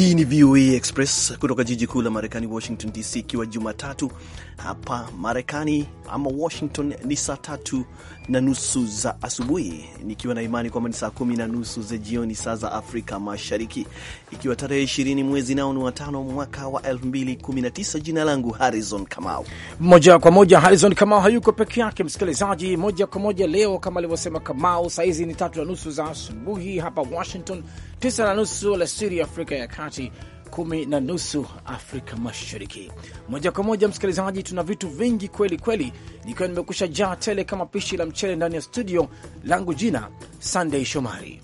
Hii ni VOA Express kutoka jiji kuu la Marekani, Washington DC, ikiwa Jumatatu hapa Marekani ama Washington ni saa tatu na nusu za asubuhi, nikiwa na imani kwamba ni saa kumi na nusu za jioni saa za Afrika Mashariki, ikiwa tarehe ishirini mwezi nao ni watano mwaka wa tisa. Jina langu Harrison Kamau. Moja kwa moja, Harrison Kamau hayuko peke yake, msikilizaji. Moja kwa moja leo, kama alivyosema Kamau, saa hizi ni tatu na nusu za asubuhi hapa Washington tisa na nusu alasiri Afrika ya Kati, kumi na nusu Afrika Mashariki. Moja kwa moja, msikilizaji, tuna vitu vingi kweli kweli, nikiwa nimekusha jaa tele kama pishi la mchele ndani ya studio langu. Jina sandey Shomari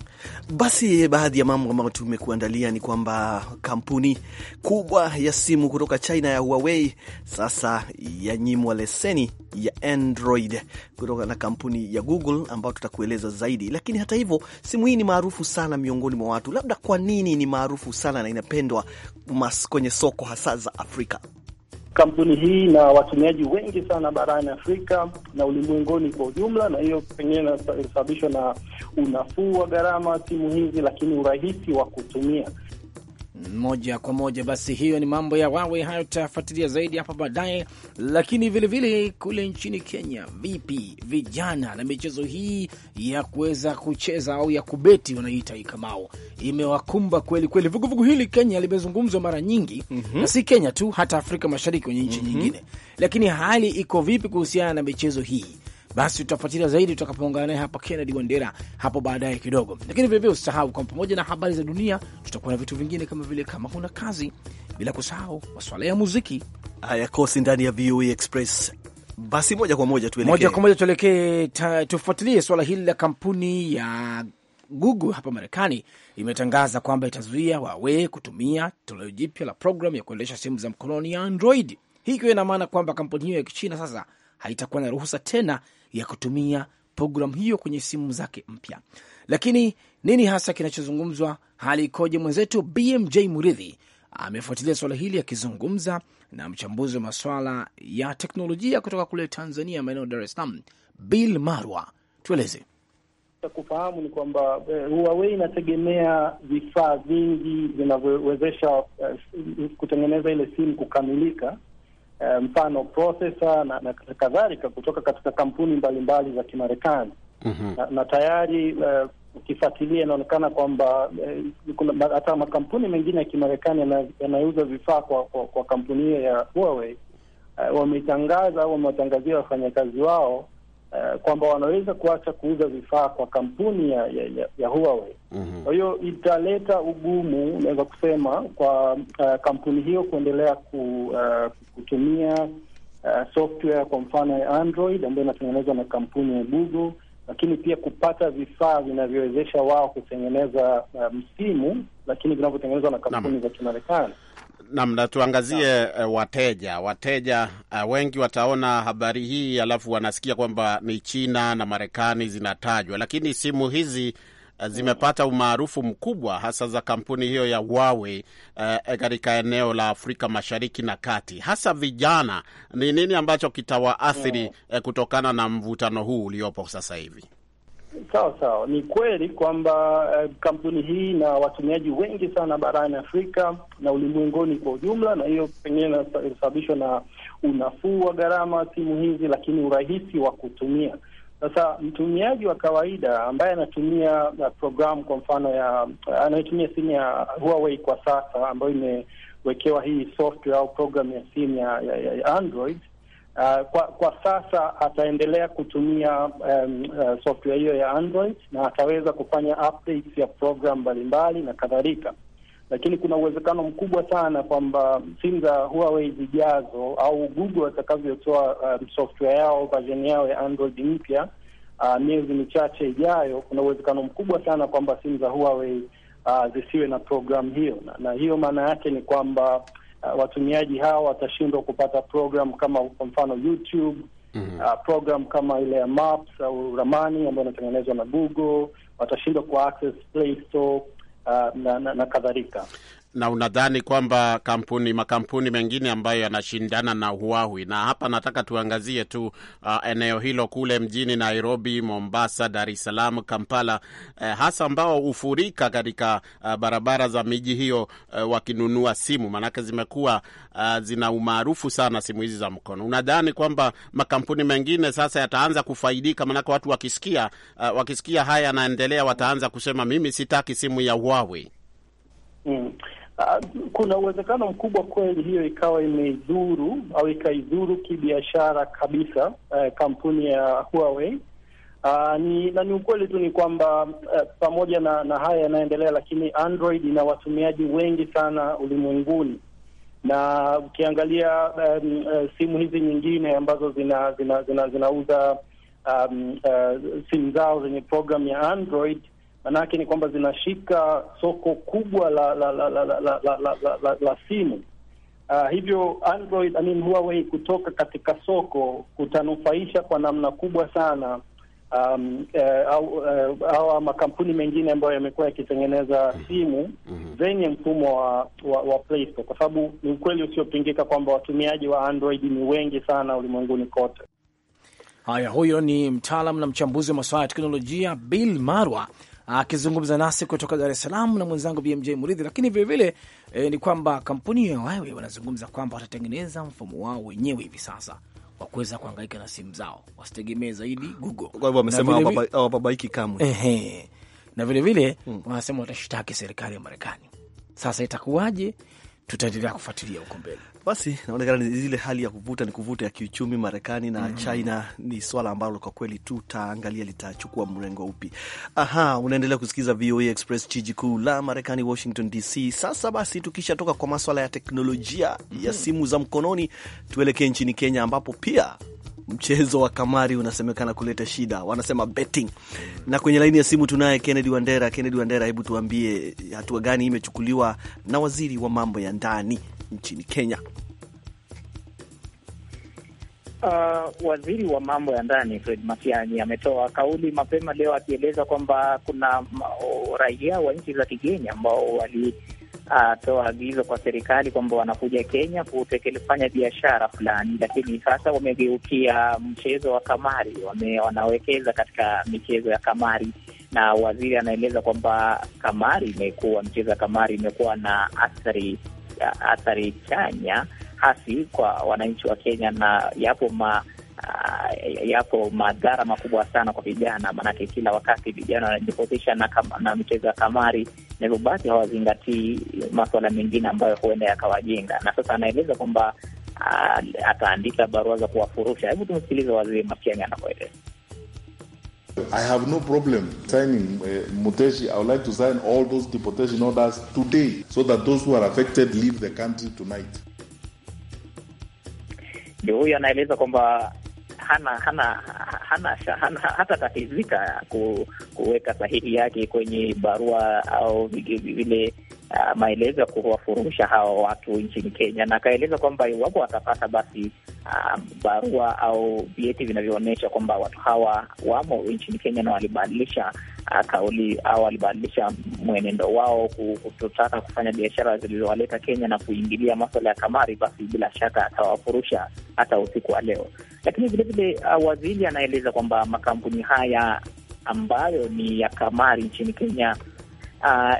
basi baadhi ya mambo ambayo tumekuandalia ni kwamba kampuni kubwa ya simu kutoka China ya Huawei sasa yanyimwa leseni ya Android kutoka na kampuni ya Google ambayo tutakueleza zaidi. Lakini hata hivyo, simu hii ni maarufu sana miongoni mwa watu. Labda kwa nini ni maarufu sana na inapendwa kwenye soko hasa za Afrika? kampuni hii na watumiaji wengi sana barani Afrika na ulimwenguni kwa ujumla, na hiyo pengine inasababishwa na unafuu wa gharama simu hizi, lakini urahisi wa kutumia moja kwa moja. Basi hiyo ni mambo ya wawe hayo tutafuatilia zaidi hapo baadaye. Lakini vilevile vile kule nchini Kenya, vipi vijana na michezo hii ya kuweza kucheza au ya kubeti wanaita ikamao, imewakumba kweli kweli. Vuguvugu hili Kenya limezungumzwa mara nyingi mm -hmm. na si Kenya tu, hata Afrika Mashariki kwenye nchi mm -hmm. nyingine. Lakini hali iko vipi kuhusiana na michezo hii? Basi tutafuatilia zaidi tutakapoungana naye hapa Kennedy Wandera hapo baadaye kidogo, lakini vilevile usisahau kwamba pamoja na habari za dunia tutakuwa na vitu vingine kama vile kama huna kazi, bila kusahau masuala ya muziki hayakosi ndani ya VOA e Express. Basi moja kwa moja tuelekee moja kwa moja tuelekee, tufuatilie swala hili la kampuni ya Google hapa Marekani imetangaza kwamba itazuia Huawei kutumia toleo jipya la programu ya kuendesha simu za mkononi ya Android, hii ikiwa ina maana kwamba kampuni hiyo ya Kichina sasa haitakuwa na ruhusa tena ya kutumia programu hiyo kwenye simu zake mpya. Lakini nini hasa kinachozungumzwa? Hali ikoje? Mwenzetu BMJ Muridhi amefuatilia suala hili akizungumza na mchambuzi wa masuala ya teknolojia kutoka kule Tanzania, maeneo Dar es Salaam, Bill Marwa. Tueleze kufahamu ni kwamba eh, Huawei inategemea vifaa vingi vinavyowezesha eh, kutengeneza ile simu kukamilika Eh, mfano processor na, na kadhalika kutoka katika kampuni mbalimbali za Kimarekani. mm -hmm. na, na tayari uh, ukifuatilia inaonekana kwamba eh, hata eh, makampuni mengine ya Kimarekani yanayouza vifaa kwa, kwa, kwa kampuni hiyo ya Huawei uh, au wamewatangazia wafanyakazi wao uh, kwamba wanaweza kuacha kuuza vifaa kwa kampuni ya, ya, ya, ya Huawei. Mm-hmm. Kwa hiyo italeta ugumu, unaweza kusema kwa uh, kampuni hiyo kuendelea ku, uh, kutumia uh, software kwa mfano ya Android ambayo inatengenezwa na kampuni ya Google, lakini pia kupata vifaa vinavyowezesha wao kutengeneza msimu msimu, lakini vinavyotengenezwa na kampuni za Kimarekani. Namna tuangazie uh, wateja wateja uh, wengi wataona habari hii alafu wanasikia kwamba ni China na Marekani zinatajwa, lakini simu hizi uh, zimepata umaarufu mkubwa hasa za kampuni hiyo ya Huawei uh, katika eneo la Afrika Mashariki na Kati, hasa vijana. Ni nini ambacho kitawaathiri uh, kutokana na mvutano huu uliopo sasa hivi? Sawa sawa, ni kweli kwamba uh, kampuni hii na watumiaji wengi sana barani Afrika na ulimwenguni kwa ujumla, na hiyo pengine inasababishwa na unafuu wa gharama simu hizi, lakini urahisi wa kutumia. Sasa mtumiaji wa kawaida ambaye anatumia eh, programu kwa mfano ya eh, anayetumia simu ya Huawei kwa sasa ambayo imewekewa hii software au programu ya simu ya, ya, ya Android Uh, kwa kwa sasa ataendelea kutumia um, uh, software hiyo ya Android na ataweza kufanya updates ya program mbalimbali na kadhalika, lakini kuna uwezekano mkubwa sana kwamba simu za Huawei zijazo au Google atakavyotoa um, software yao version yao ya Android mpya uh, miezi michache ijayo, kuna uwezekano mkubwa sana kwamba simu za Huawei uh, zisiwe na program hiyo na, na hiyo maana yake ni kwamba uh, watumiaji hawa watashindwa kupata program kama kwa mfano YouTube mm -hmm. uh, program kama ile ya maps au ramani ambayo inatengenezwa na Google watashindwa ku access Play Store uh, na, na, na kadhalika na unadhani kwamba kampuni makampuni mengine ambayo yanashindana na Huawei, na hapa nataka tuangazie tu uh, eneo hilo kule mjini Nairobi, Mombasa, Dar es Salaam, Kampala, uh, hasa ambao hufurika katika uh, barabara za miji hiyo uh, wakinunua simu, maanake zimekuwa uh, zina umaarufu sana simu hizi za mkono. Unadhani kwamba makampuni mengine sasa yataanza kufaidika? Maanake watu wakisikia uh, wakisikia haya yanaendelea, wataanza kusema mimi sitaki simu ya Huawei. Mm. Ah, kuna uwezekano mkubwa kweli hiyo ikawa imeidhuru au ikaidhuru kibiashara kabisa uh, kampuni ya Huawei. Uh, ni, na ni ukweli tu ni kwamba uh, pamoja na, na haya yanaendelea, lakini Android ina watumiaji wengi sana ulimwenguni, na ukiangalia um, uh, simu hizi nyingine ambazo zinauza zina, zina, zina um, uh, simu zao zenye programu ya Android Maanake ni kwamba zinashika soko kubwa la la la la la, la, la, la, la, la simu. Uh, hivyo Android, I mean, Huawei kutoka katika soko kutanufaisha kwa namna kubwa sana um, eh, au, eh, au makampuni mengine ambayo yamekuwa yakitengeneza mhm. simu mhm. zenye mfumo wa, wa, wa Play Store, kwa sababu ni ukweli usiopingika kwamba watumiaji wa Android ni wengi sana ulimwenguni kote. Haya, huyo ni mtaalam na mchambuzi wa masuala ya teknolojia Bill Marwa akizungumza nasi kutoka Dar es Salaam na mwenzangu BMJ Muridhi. Lakini vilevile e, eh, ni kwamba kampuni ya Huawei wanazungumza kwamba watatengeneza mfumo wao wenyewe hivi sasa wa kuweza kuangaika na simu zao, wasitegemee zaidi Google. Kwa hivyo wamesema hawababaiki kamwe, ehe, na vilevile hmm. wanasema watashtaki serikali ya Marekani. Sasa itakuwaje? Tutaendelea kufuatilia huko mbele. Basi naonekana zile hali ya kuvuta ni kuvuta ya kiuchumi Marekani na mm China ni swala ambalo kwa kweli tutaangalia litachukua mrengo upi. Aha, unaendelea kusikiza VOA Express, jiji kuu la Marekani, Washington DC. Sasa basi, tukishatoka kwa maswala ya teknolojia mm ya simu za mkononi, tuelekee nchini Kenya ambapo pia mchezo wa kamari unasemekana kuleta shida, wanasema betting. Na kwenye laini ya simu tunaye Kennedy Wandera. Kennedy Wandera, hebu tuambie hatua gani imechukuliwa na waziri wa mambo ya ndani nchini Kenya? Uh, waziri wa mambo ya ndani Fred Matiang'i ametoa kauli mapema leo akieleza kwamba kuna raia wa nchi za kigeni ambao walitoa uh, agizo kwa serikali kwamba wanakuja Kenya kufanya biashara fulani, lakini sasa wamegeukia mchezo wa kamari, wame, wanawekeza katika michezo ya kamari na waziri anaeleza kwamba kamari imekuwa mchezo wa kamari imekuwa na athari athari chanya hasi kwa wananchi wa Kenya, na yapo ma Uh, yapo madhara makubwa sana kwa vijana, maanake kila wakati vijana wanajihusisha na, na michezo ya kamari, na hivyo basi hawazingatii maswala mengine ambayo huenda yakawajenga. Na sasa anaeleza kwamba uh, ataandika barua za kuwafurusha. Hebu tumsikilize waziri Matiang'i anavyoeleza. I have no problem signing uh, Muteshi. I would like to sign all those deportation orders today so that those who are affected leave the country tonight. Ndio huyo anaeleza kwamba hana hana hana hata tatizika ku, kuweka sahihi yake kwenye barua au vile uh, maelezo ya kuwafurusha hawa watu nchini Kenya, na akaeleza kwamba iwapo watapata basi um, barua au vyeti vinavyoonyesha kwamba watu hawa wamo nchini Kenya na walibadilisha uh, kauli au walibadilisha mwenendo wao kutotaka kufanya biashara zilizowaleta Kenya na kuingilia maswala ya kamari, basi bila shaka atawafurusha hata usiku wa leo. Lakini vilevile uh, waziri anaeleza kwamba makampuni haya ambayo ni ya kamari nchini Kenya uh,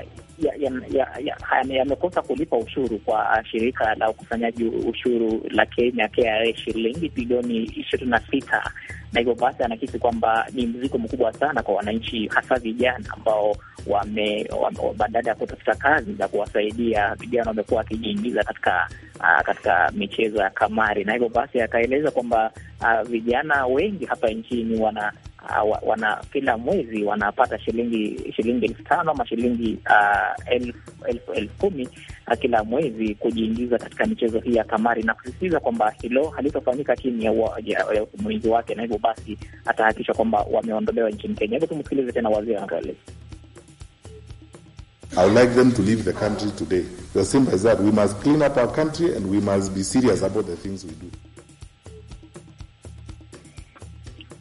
yamekosa kulipa ushuru kwa shirika la ukusanyaji ushuru la Kenya KRA shilingi bilioni ishirini na sita na hivyo basi anakisi kwamba ni mzigo mkubwa sana kwa wananchi, hasa vijana ambao wame, wame badala ya kutafuta kazi za kuwasaidia vijana wamekuwa wakijiingiza katika uh, katika michezo ya kamari, na hivyo basi akaeleza kwamba uh, vijana wengi hapa nchini wana Uh, wana kila mwezi wanapata shilingi shilingi elfu tano ama shilingi uh, elfu elfu elfu kumi uh, kila mwezi kujiingiza katika michezo hii ya kamari, na kusisitiza kwamba hilo halitofanyika chini ya, ya, ya usimamizi wake, na hivyo basi atahakikisha kwamba wameondolewa nchini Kenya. Hivyo tumsikilize tena waziri anavyoeleza. I would like them to leave the country today. It's as simple as that. We must clean up our country and we must be serious about the things we do.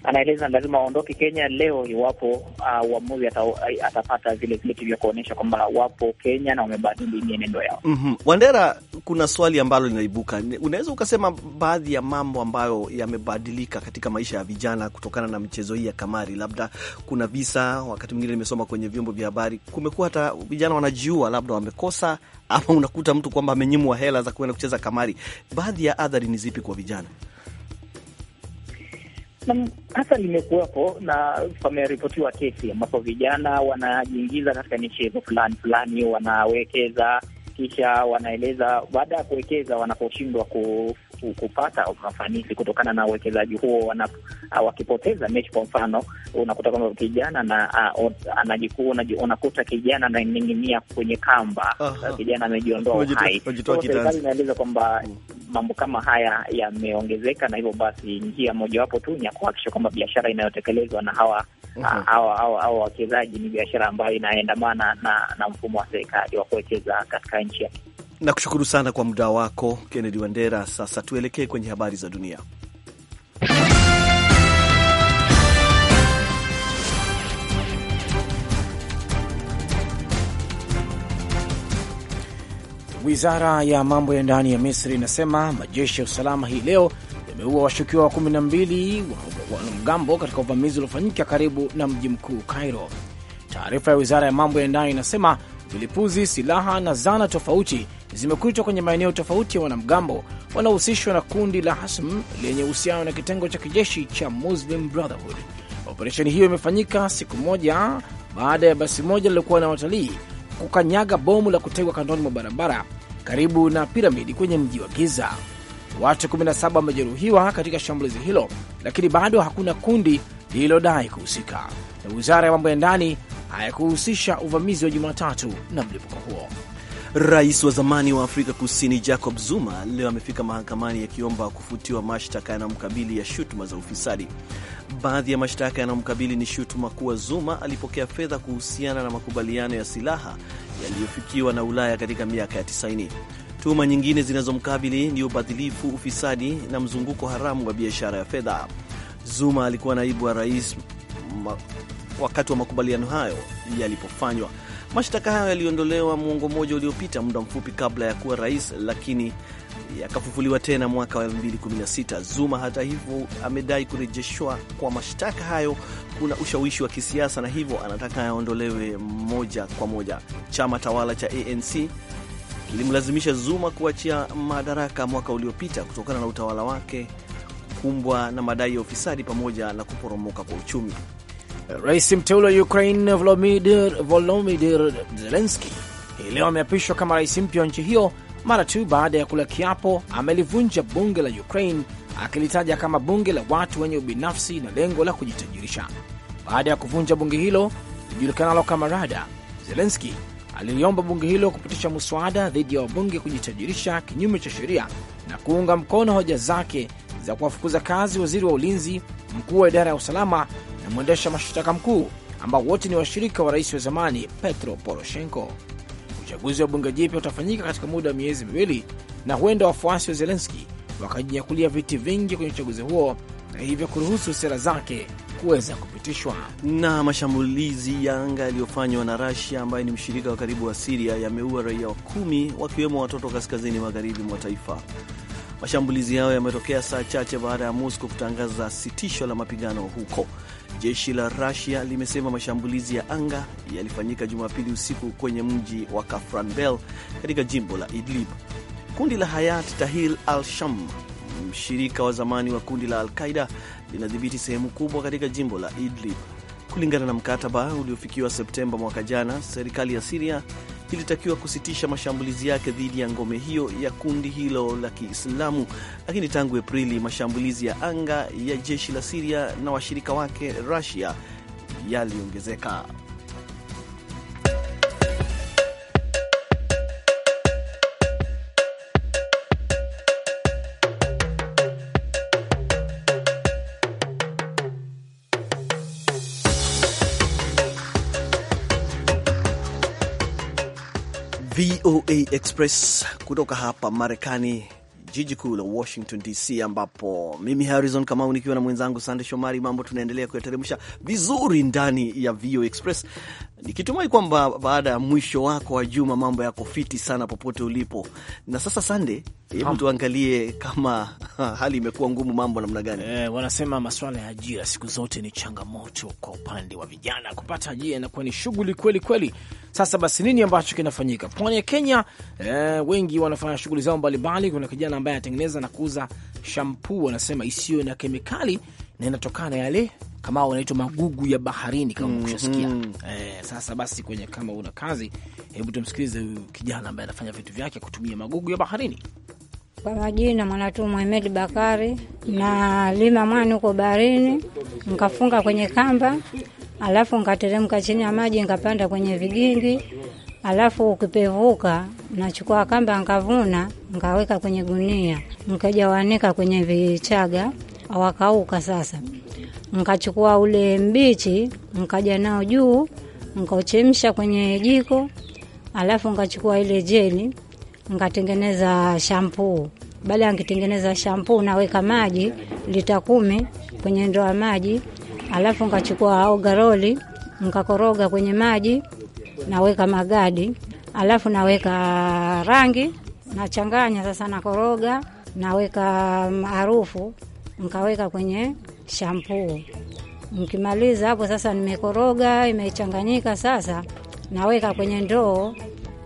anaeleza lazima waondoke Kenya leo iwapo uh, uamuzi ata, atapata vile vyeti vya kuonyesha kwamba wapo Kenya na wamebadili mienendo yao. mm -hmm. Wandera, kuna swali ambalo linaibuka, unaweza ukasema baadhi ya mambo ambayo yamebadilika katika maisha ya vijana kutokana na michezo hii ya kamari? Labda kuna visa, wakati mwingine nimesoma kwenye vyombo vya habari, kumekuwa hata vijana wanajiua, labda wamekosa ama unakuta mtu kwamba amenyimwa hela za kuenda kucheza kamari. Baadhi ya adhari ni zipi kwa vijana? hasa limekuwepo na pameripotiwa kesi ambapo vijana wanajiingiza katika michezo fulani fulani, wanawekeza kisha wanaeleza, baada ya kuwekeza, wanaposhindwa ku kupata mafanisi kutokana na uwekezaji huo. Wakipoteza mechi, kwa mfano, unakuta kwamba kijana na unakuta kijana ananing'inia kwenye kamba, kijana amejiondoa hai. Serikali inaeleza kwamba mm. mambo kama haya yameongezeka, na hivyo basi njia mojawapo tu ni ya kuhakikisha kwamba biashara inayotekelezwa na hawa au mhm. wawekezaji ni biashara ambayo inaendamana na, na mfumo wa serikali wa kuwekeza katika nchi yake. Nakushukuru sana kwa muda wako Kennedy Wandera. Sasa tuelekee kwenye habari za dunia. Wizara ya mambo ya ndani ya Misri inasema majeshi ya usalama hii leo yameua washukiwa wa 12 wa wanamgambo katika uvamizi uliofanyika karibu na mji mkuu Cairo. Taarifa ya wizara ya mambo ya ndani inasema vilipuzi, silaha na zana tofauti zimekutwa kwenye maeneo tofauti ya wanamgambo wanaohusishwa na kundi la Hasm lenye uhusiano na kitengo cha kijeshi cha Muslim Brotherhood. Operesheni hiyo imefanyika siku moja baada ya basi moja lilokuwa na watalii kukanyaga bomu la kutegwa kandoni mwa barabara karibu na piramidi kwenye mji wa Giza. Watu 17 wamejeruhiwa katika shambulizi hilo, lakini bado hakuna kundi lililodai kuhusika, na wizara ya mambo ya ndani hayakuhusisha uvamizi wa Jumatatu na mlipuko huo. Rais wa zamani wa Afrika Kusini Jacob Zuma leo amefika mahakamani akiomba kufutiwa mashtaka yanayomkabili ya shutuma za ufisadi. Baadhi ya mashtaka yanayomkabili ni shutuma kuwa Zuma alipokea fedha kuhusiana na makubaliano ya silaha yaliyofikiwa na Ulaya katika miaka ya 90. Tuhuma nyingine zinazomkabili ni ubadhilifu, ufisadi na mzunguko haramu wa biashara ya fedha. Zuma alikuwa naibu wa rais wakati wa makubaliano hayo yalipofanywa. Mashtaka hayo yaliondolewa muongo mmoja uliopita, muda mfupi kabla ya kuwa rais, lakini yakafufuliwa tena mwaka wa 2016. Zuma hata hivyo amedai kurejeshwa kwa mashtaka hayo kuna ushawishi wa kisiasa na hivyo anataka yaondolewe moja kwa moja. Chama tawala cha ANC kilimlazimisha Zuma kuachia madaraka mwaka uliopita kutokana na utawala wake kumbwa na madai ya ufisadi pamoja na kuporomoka kwa uchumi. Rais mteule wa Ukraine Volodymyr Volodymyr Zelensky hii leo ameapishwa kama rais mpya wa nchi hiyo mara tu baada ya kula kiapo. Amelivunja bunge la Ukraine akilitaja kama bunge la watu wenye ubinafsi na lengo la kujitajirisha. Baada ya kuvunja bunge hilo lijulikanalo kama Rada, Zelenski aliliomba bunge hilo kupitisha muswada dhidi ya wabunge kujitajirisha kinyume cha sheria na kuunga mkono hoja zake za kuwafukuza kazi waziri wa ulinzi, mkuu wa idara ya usalama na mwendesha mashtaka mkuu ambao wote ni washirika wa rais wa zamani Petro Poroshenko. Uchaguzi wa bunge jipya utafanyika katika muda wa miezi miwili, na huenda wafuasi wa Zelenski wakajinyakulia viti vingi kwenye uchaguzi huo na hivyo kuruhusu sera zake kuweza kupitishwa. Na mashambulizi ya anga yaliyofanywa na Rasia, ambaye ni mshirika wa karibu wa Siria, yameua raia wa kumi wakiwemo watoto kaskazini magharibi mwa taifa. Mashambulizi hayo yametokea saa chache baada ya Moscow kutangaza sitisho la mapigano huko. Jeshi la Rusia limesema mashambulizi ya anga yalifanyika Jumapili usiku kwenye mji wa Kafranbel katika jimbo la Idlib. Kundi la Hayat Tahrir al-Sham, mshirika wa zamani wa kundi la Al-Qaida, linadhibiti sehemu kubwa katika jimbo la Idlib. Kulingana na mkataba uliofikiwa Septemba mwaka jana, serikali ya Siria kilitakiwa kusitisha mashambulizi yake dhidi ya ngome hiyo ya kundi hilo la Kiislamu, lakini tangu Aprili mashambulizi ya anga ya jeshi la Siria na washirika wake Rusia yaliongezeka. VOA Express kutoka hapa Marekani, jiji kuu la Washington DC, ambapo mimi Harrison Kamau nikiwa na mwenzangu Sande Shomari, mambo tunaendelea kuyateremsha vizuri ndani ya VOA Express, nikitumai kwamba baada ya mwisho wako wa juma mambo yako fiti sana popote ulipo. Na sasa Sande, hebu tuangalie kama hali imekuwa ngumu, mambo namna gani? Eh, wanasema maswala ya ajira siku zote ni changamoto kwa upande wa vijana. Kupata ajira inakuwa ni shughuli kweli kweli sasa basi, nini ambacho kinafanyika pwani ya Kenya? Eh, wengi wanafanya shughuli zao mbalimbali. Kuna kijana ambaye anatengeneza na kuuza shampuu, wanasema isiyo na kemikali na inatokana na yale kama wanaitwa magugu ya baharini kama mm -hmm. Eh, sasa basi kwenye kama una kazi, hebu tumsikilize huyu kijana ambaye anafanya vitu vyake kutumia magugu ya baharini. Kwa majina mwanatu Mohamed Bakari, na lima mwani huko baharini, nkafunga kwenye kamba, alafu nkateremka chini ya maji, nkapanda kwenye vigingi, alafu ukipevuka, nachukua kamba nkavuna, nkaweka kwenye gunia, nkaja wanika kwenye vichaga, wakauka. Sasa nkachukua ule mbichi, nkaja nao juu, nkauchemsha kwenye jiko, alafu nkachukua ile jeli nikatengeneza shampuu. Baada ya nikitengeneza shampuu, naweka maji lita kumi kwenye ndoo ya maji, alafu nikachukua ogaroli nikakoroga kwenye maji, naweka magadi, alafu naweka rangi, nachanganya sasa, nakoroga, naweka harufu, nkaweka kwenye shampuu. nkimaliza hapo sasa, nimekoroga imechanganyika, sasa naweka kwenye ndoo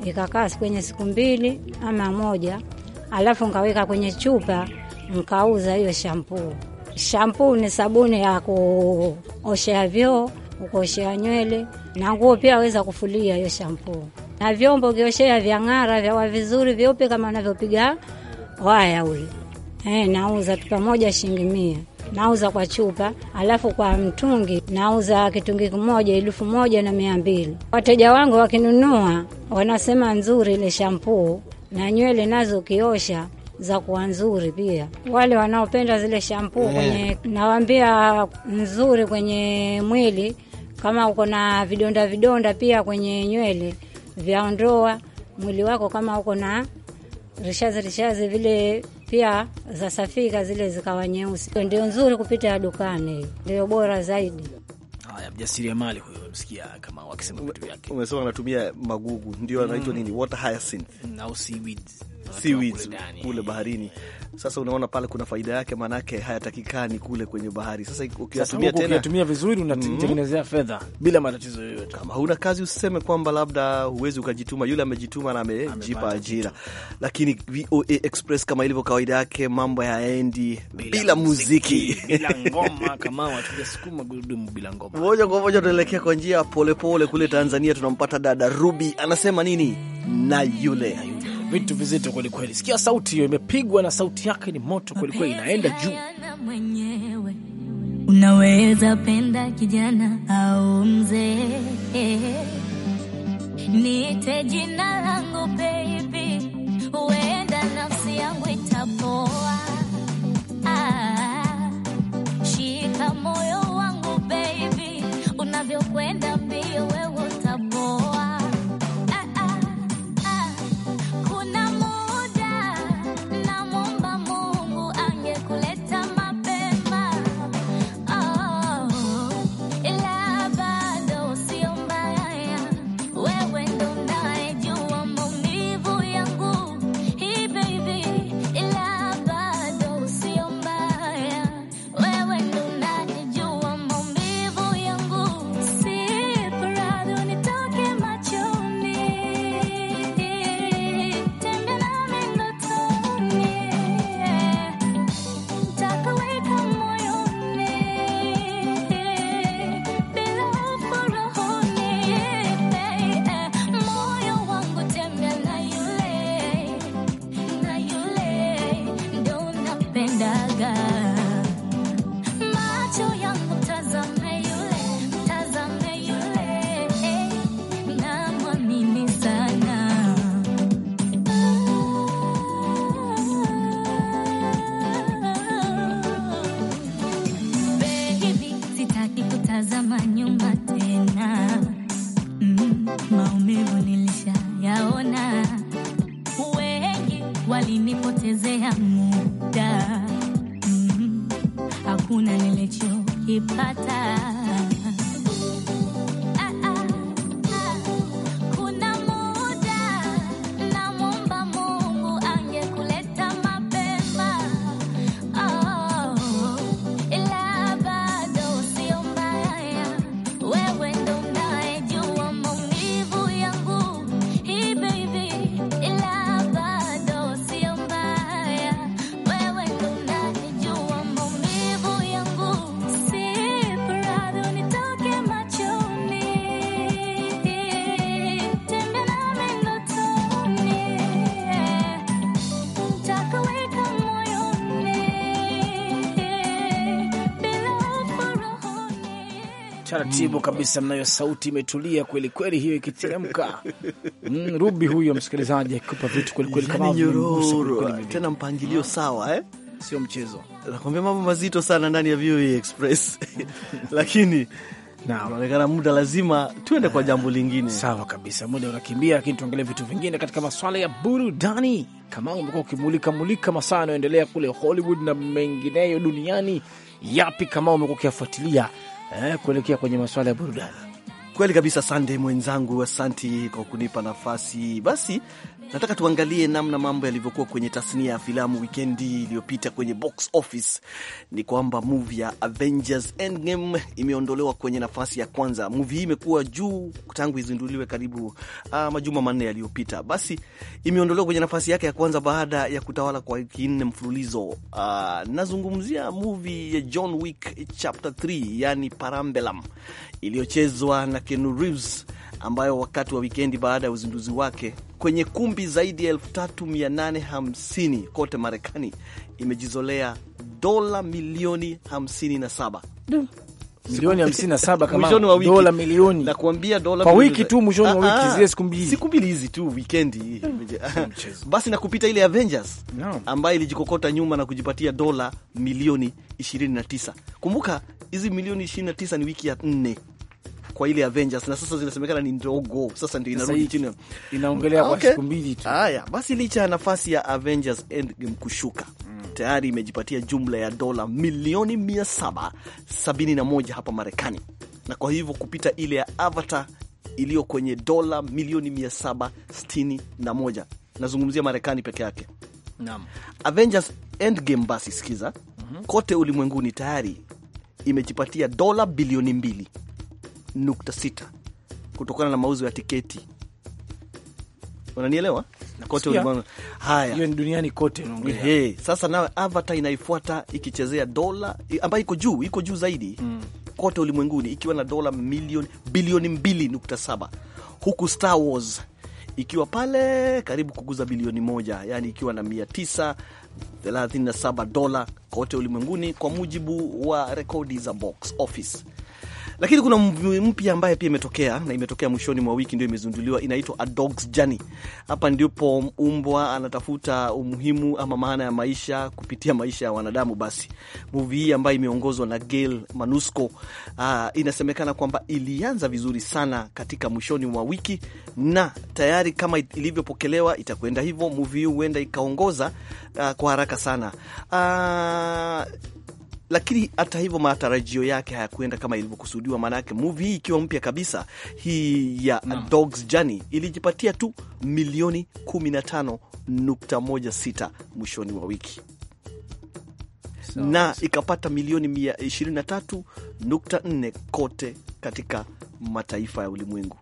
ikakaa kwenye siku mbili ama moja, alafu nkaweka kwenye chupa nkauza hiyo shampuu. Shampuu ni sabuni ya kuoshea vyoo, ukuoshea nywele na nguo pia, aweza kufulia hiyo shampuu na vyombo kioshea vya ng'ara vyawa vizuri vyeupe kama anavyopiga waya ule. Eh, nauza tu pamoja shilingi mia nauza kwa chupa, alafu kwa mtungi nauza kitungi kimoja elfu moja na mia mbili. Wateja wangu wakinunua wanasema nzuri ile shampuu, na nywele nazo ukiosha za kuwa nzuri pia. Wale wanaopenda zile shampuu yeah, kwenye nawaambia nzuri kwenye mwili, kama uko na vidonda vidonda pia kwenye nywele vyaondoa. Mwili wako kama uko na rishazi rishazi vile pia za safika zile zikawa nyeusi, ndio nzuri kupita ya dukani, ndio bora zaidi. Haya, mjasiriamali huyo msikia kama wakisema vitu vyake. Umesema anatumia magugu, ndio anaitwa mm. nini, water hyacinth na seaweed seaweeds kule baharini. Sasa unaona pale kuna faida yake, maanake hayatakikani kule kwenye bahari. Sasa ukiyatumia tena, ukiyatumia vizuri unatengenezea mm-hmm. fedha bila matatizo yoyote. Kama huna kazi, usiseme kwamba labda huwezi ukajituma. Yule amejituma na amejipa ajira. Lakini VOA Express kama ilivyo kawaida yake, mambo hayaendi bila muziki, bila ngoma. Kama watasukuma gurudumu bila ngoma, moja kwa moja tunaelekea kwa njia polepole kule Tanzania. Tunampata dada Ruby, anasema nini na yule, na yule vitu vizito kweli kweli. Sikia sauti hiyo, imepigwa na sauti yake ni moto kweli kweli, inaenda juu. Unaweza penda kijana au mzee, niite jina langu baby. walinipotezea muda, mm, hakuna nilichokipata taratibu kabisa, mnayo sauti imetulia kweli kweli, hiyo ikiteremka. Mm, Rubi huyo msikilizaji akikupa vitu kweli kweli, yaani kama nyororo tena mpangilio ah, sawa eh? Sio mchezo, nakwambia mambo mazito sana ndani ya VOA Express lakini naonekana muda lazima tuende kwa jambo lingine. Sawa kabisa, muda unakimbia, lakini tuangalie vitu vingine katika maswala ya burudani. Kama umekuwa ukimulika mulika masaa yanayoendelea kule Hollywood na mengineyo duniani, yapi kama umekuwa ukiyafuatilia? eh, kuelekea kwenye masuala ya burudani. Kweli kabisa, Sande mwenzangu, asanti kwa kunipa nafasi. Basi Nataka tuangalie namna mambo yalivyokuwa kwenye tasnia ya filamu wikendi iliyopita kwenye box office. Ni kwamba movie ya Avengers Endgame imeondolewa kwenye nafasi ya kwanza. Movie hii imekuwa juu tangu izinduliwe karibu uh, majuma manne yaliyopita. Basi imeondolewa kwenye nafasi yake ya kwanza baada ya kutawala kwa wiki nne mfululizo. Uh, nazungumzia movie ya John Wick Chapter 3, yani Parabellum, iliyochezwa na Keanu Reeves ambayo wakati wa wikendi baada ya uzinduzi wake kwenye kumbi zaidi ya 3850 kote Marekani imejizolea dola milioni 57 milioni 57 kama dola milioni na kuambia dola kwa wiki tu, mwishoni mwa ah, wiki, ah, zile siku mbili, siku mbili hizi tu weekendi basi, na kupita ile Avengers ambayo ilijikokota nyuma na kujipatia dola milioni 29. Kumbuka hizi milioni 29 ni wiki ya nne kwa ile Avengers na sasa zinasemekana ni ndogo, sasa ndio inarudi chini, inaongelea kwa siku mbili tu. Haya basi, licha ya nafasi ya Avengers Endgame kushuka tayari imejipatia jumla ya dola milioni 771 hapa Marekani, na kwa hivyo kupita ile ya Avatar iliyo kwenye dola milioni 761. Nazungumzia Marekani peke yake. Naam. Avengers Endgame basi, sikiza, mm -hmm. kote ulimwenguni tayari imejipatia dola bilioni mbili 6 kutokana na mauzo ya tiketi. Unanielewa? na kote ulimwengu. Haya, hiyo ni duniani kote unaongea. Hey, sasa nawe Avatar inaifuata ikichezea dola ambayo iko juu, iko juu zaidi mm. kote ulimwenguni ikiwa na dola milioni bilioni 2.7 huku Star Wars ikiwa pale karibu kuguza bilioni moja, yani ikiwa na 937 dola kote ulimwenguni, kwa mujibu wa rekodi za box office. Lakini kuna mpya ambaye pia imetokea na imetokea mwishoni mwa wiki, ndio imezunduliwa, inaitwa A Dog's Journey. Hapa ndipo umbwa anatafuta umuhimu ama maana ya maisha kupitia maisha ya wanadamu. Basi muvi hii ambayo imeongozwa na Gail Manusco, ah, inasemekana kwamba ilianza vizuri sana katika mwishoni mwa wiki na tayari kama ilivyopokelewa itakwenda hivyo, muvi hii huenda ikaongoza uh, kwa haraka sana uh, lakini hata hivyo matarajio yake hayakuenda kama ilivyokusudiwa, maanake movie hii ikiwa mpya kabisa hii ya no. Hmm. Dog's Journey ilijipatia tu milioni 15.16 mwishoni mwa wiki so, na ikapata milioni 23.4 kote katika mataifa ya ulimwengu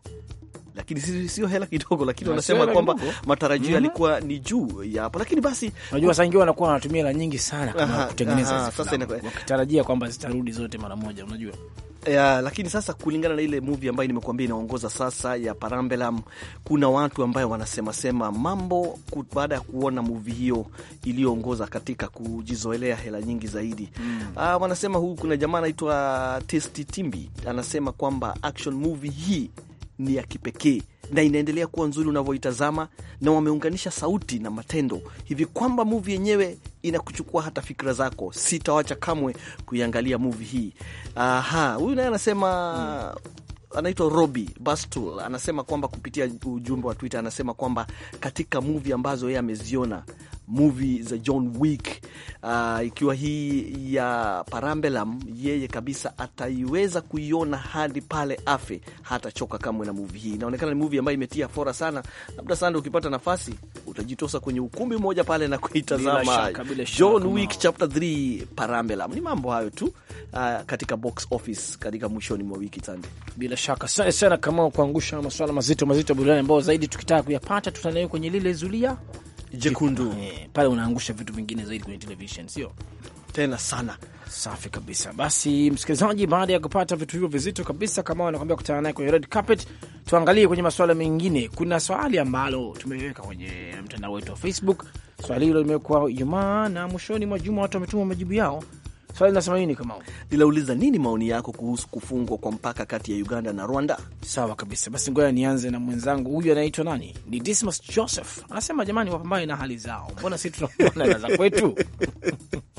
lakini sio hela kidogo, lakini wanasema kwamba matarajio mhm. yalikuwa mm -hmm. ni juu ya hapa, lakini basi unajua saa nyingine wanakuwa wanatumia hela nyingi sana kutengeneza, sasa wakitarajia kwamba zitarudi zote mara moja, unajua ya, lakini sasa kulingana na ile movie ambayo nimekuambia inaongoza sasa ya Parambelam, kuna watu ambayo sema mambo baada ya kuona movie hiyo iliyoongoza katika kujizoelea hela nyingi zaidi mm. Uh, wanasema huyu kuna jamaa anaitwa Testi Timbi anasema kwamba action movie hii ni ya kipekee na inaendelea kuwa nzuri unavyoitazama, na wameunganisha sauti na matendo hivi kwamba muvi yenyewe inakuchukua hata fikira zako. Sitawacha kamwe kuiangalia muvi hii. Aha, huyu naye anasema hmm. Anaitwa Robi Bastul, anasema kwamba kupitia ujumbe wa Twitter, anasema kwamba katika muvi ambazo yeye ameziona movie za John Wick uh, ikiwa hii ya Parambelam yeye kabisa ataiweza kuiona hadi pale afe, hatachoka kamwe na movie hii. Inaonekana ni movie ambayo imetia fora sana. Labda sana ukipata nafasi utajitosa kwenye ukumbi mmoja pale na kuitazama John Wick chapter 3 Parambelam. Ni mambo hayo tu uh, katika box office katika mwishoni mwa wiki tande. Bila shaka asante sana kama kuangusha masuala mazito mazito ya burudani ambayo zaidi tukitaka kuyapata tutanayo kwenye lile zulia jekundu eh, pale unaangusha vitu vingine zaidi kwenye television, sio tena sana. Safi kabisa. Basi msikilizaji, baada ya kupata vitu hivyo vizito kabisa, kama wanakwambia kutana naye kwenye red carpet, tuangalie kwenye masuala mengine. Kuna swali ambalo tumeweka kwenye mtandao wetu wa Facebook. Swali hilo limekuwa Ijumaa na mwishoni mwa juma watu wametuma majibu yao Swali linasema nini Kamau? Linauliza nini maoni yako kuhusu kufungwa kwa mpaka kati ya Uganda na Rwanda? Sawa kabisa, basi ngoja nianze na mwenzangu huyu, anaitwa nani? Ni Dismas Joseph, anasema jamani, wapambane na hali zao, mbona si tunaona za kwetu?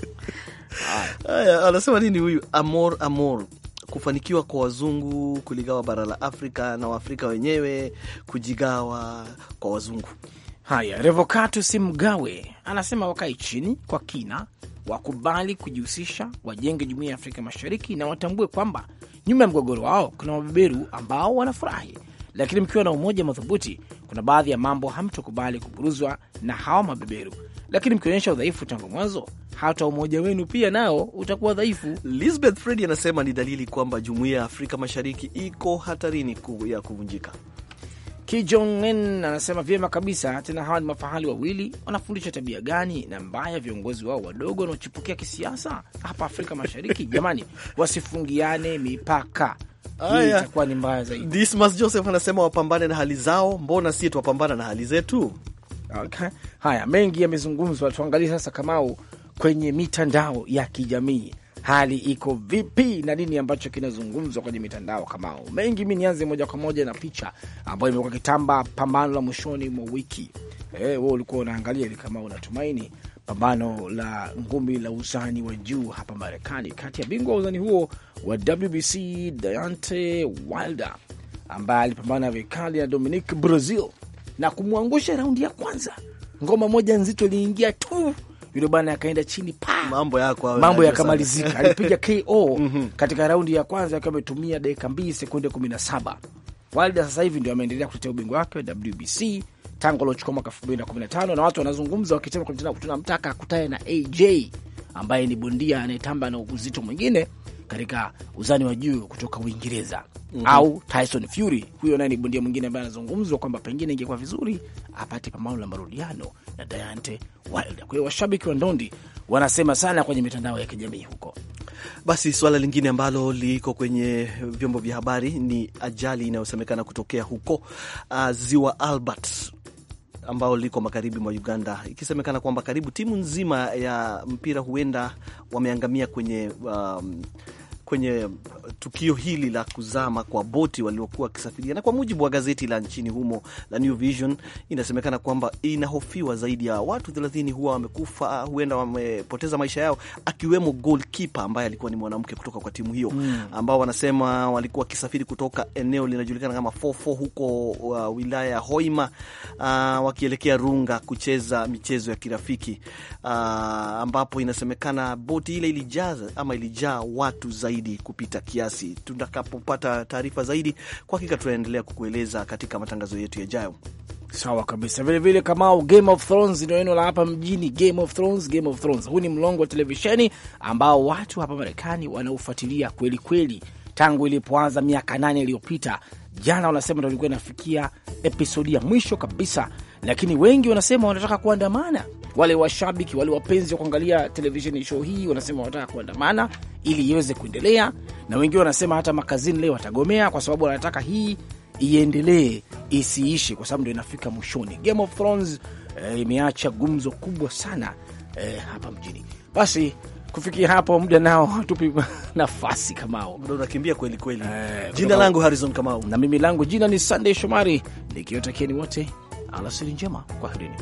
Haya, anasema nini huyu Amor Amor kufanikiwa kwa wazungu kuligawa bara la Afrika na Waafrika wenyewe kujigawa kwa wazungu. Haya, Revokatu si mgawe anasema wakae chini kwa kina, wakubali kujihusisha, wajenge jumuia ya Afrika Mashariki na watambue kwamba nyuma ya mgogoro wao kuna mabeberu ambao wanafurahi, lakini mkiwa na umoja madhubuti, kuna baadhi ya mambo hamtokubali kuburuzwa na hawa mabeberu lakini mkionyesha udhaifu tangu mwanzo, hata umoja wenu pia nao utakuwa dhaifu. Lisbeth Fredi anasema ni dalili kwamba jumuiya ya Afrika Mashariki iko hatarini ya kuvunjika. Kijongen anasema vyema kabisa tena, hawa ni mafahali wawili, wanafundisha tabia gani na mbaya viongozi wao wadogo wanaochipukia kisiasa hapa Afrika Mashariki. Jamani, wasifungiane mipaka. itakuwa ni mbaya zaidi. Dismas Joseph anasema wapambane na hali zao, mbona si tuwapambana na hali zetu? Okay. Haya, mengi yamezungumzwa, tuangalie sasa Kamau kwenye mitandao ya kijamii hali iko vipi na nini ambacho kinazungumzwa kwenye mitandao kamao mengi. Mi nianze moja kwa moja na picha ambayo imekuwa kitamba, pambano la mwishoni mwa wiki. E, wewe ulikuwa unaangalia hivi kama unatumaini pambano la ngumi la uzani wa juu hapa Marekani kati ya bingwa wa uzani huo wa WBC Deontay Wilder ambaye alipambana vikali na Dominic Brazil na kumwangusha raundi ya kwanza. Ngoma moja nzito iliingia tu yule bwana akaenda chini pa mambo yako mambo yakamalizika. Alipiga KO mhm. katika raundi ya kwanza akiwa ametumia dakika 2 sekunde 17. Wilder sasa hivi ndio ameendelea kutetea ubingwa wake wa WBC tangu aliochukua mwaka 2015 na watu wanazungumza wakisema tunamtaka akutane na AJ ambaye ni bondia anayetamba na uzito mwingine katika uzani wa juu kutoka Uingereza mm -hmm. au Tyson Fury, huyo naye ni bondia mwingine ambaye anazungumzwa kwamba pengine ingekuwa vizuri apate pambano la marudiano na Deontay Wilder. Kwa hiyo washabiki wa ndondi wanasema sana kwenye mitandao ya kijamii huko. Basi suala lingine ambalo liko kwenye vyombo vya habari ni ajali inayosemekana kutokea huko uh, ziwa Albert ambao liko magharibi mwa Uganda, ikisemekana kwamba karibu timu nzima ya mpira huenda wameangamia kwenye um, kwenye tukio hili la kuzama kwa boti waliokuwa wakisafiria, na kwa mujibu wa gazeti la nchini humo la New Vision, inasemekana kwamba inahofiwa zaidi ya watu 30 huwa wamekufa, huenda wamepoteza maisha yao, akiwemo goalkeeper ambaye alikuwa ni mwanamke kutoka kwa timu hiyo mm, ambao wanasema walikuwa wakisafiri kutoka eneo linajulikana kama Fofo huko uh, wilaya ya Hoima uh, wakielekea Runga kucheza michezo ya kirafiki uh, ambapo inasemekana boti ile ilijaza ama ilijaa watu zaidi zaidi kupita kiasi. Tutakapopata taarifa zaidi, kwa hakika tunaendelea kukueleza katika matangazo yetu yajayo. Sawa kabisa. Vilevile kama Game of Thrones ndio neno la hapa mjini. Game of Thrones, Game of Thrones, huu ni mlongo wa televisheni ambao watu hapa Marekani wanaofuatilia kweli kweli tangu ilipoanza miaka nane iliyopita. Jana wanasema ndo ilikuwa inafikia episodi ya mwisho kabisa, lakini wengi wanasema wanataka kuandamana wale washabiki wale wapenzi wa kuangalia televisheni show hii wanasema wanataka kuandamana ili iweze kuendelea, na wengine wanasema hata makazini leo watagomea kwa sababu wanataka hii iendelee isiishi, kwa sababu ndo inafika mwishoni. Game of Thrones eh, imeacha gumzo kubwa sana eh, hapa mjini. Basi kufikia hapo muda nao hatupi nafasi Kamao, muda unakimbia kweli kweli. Eh, jina langu Harrison Kamau na mimi langu jina ni Sunday Shomari, nikiwatakieni wote alasiri njema, kwaherini.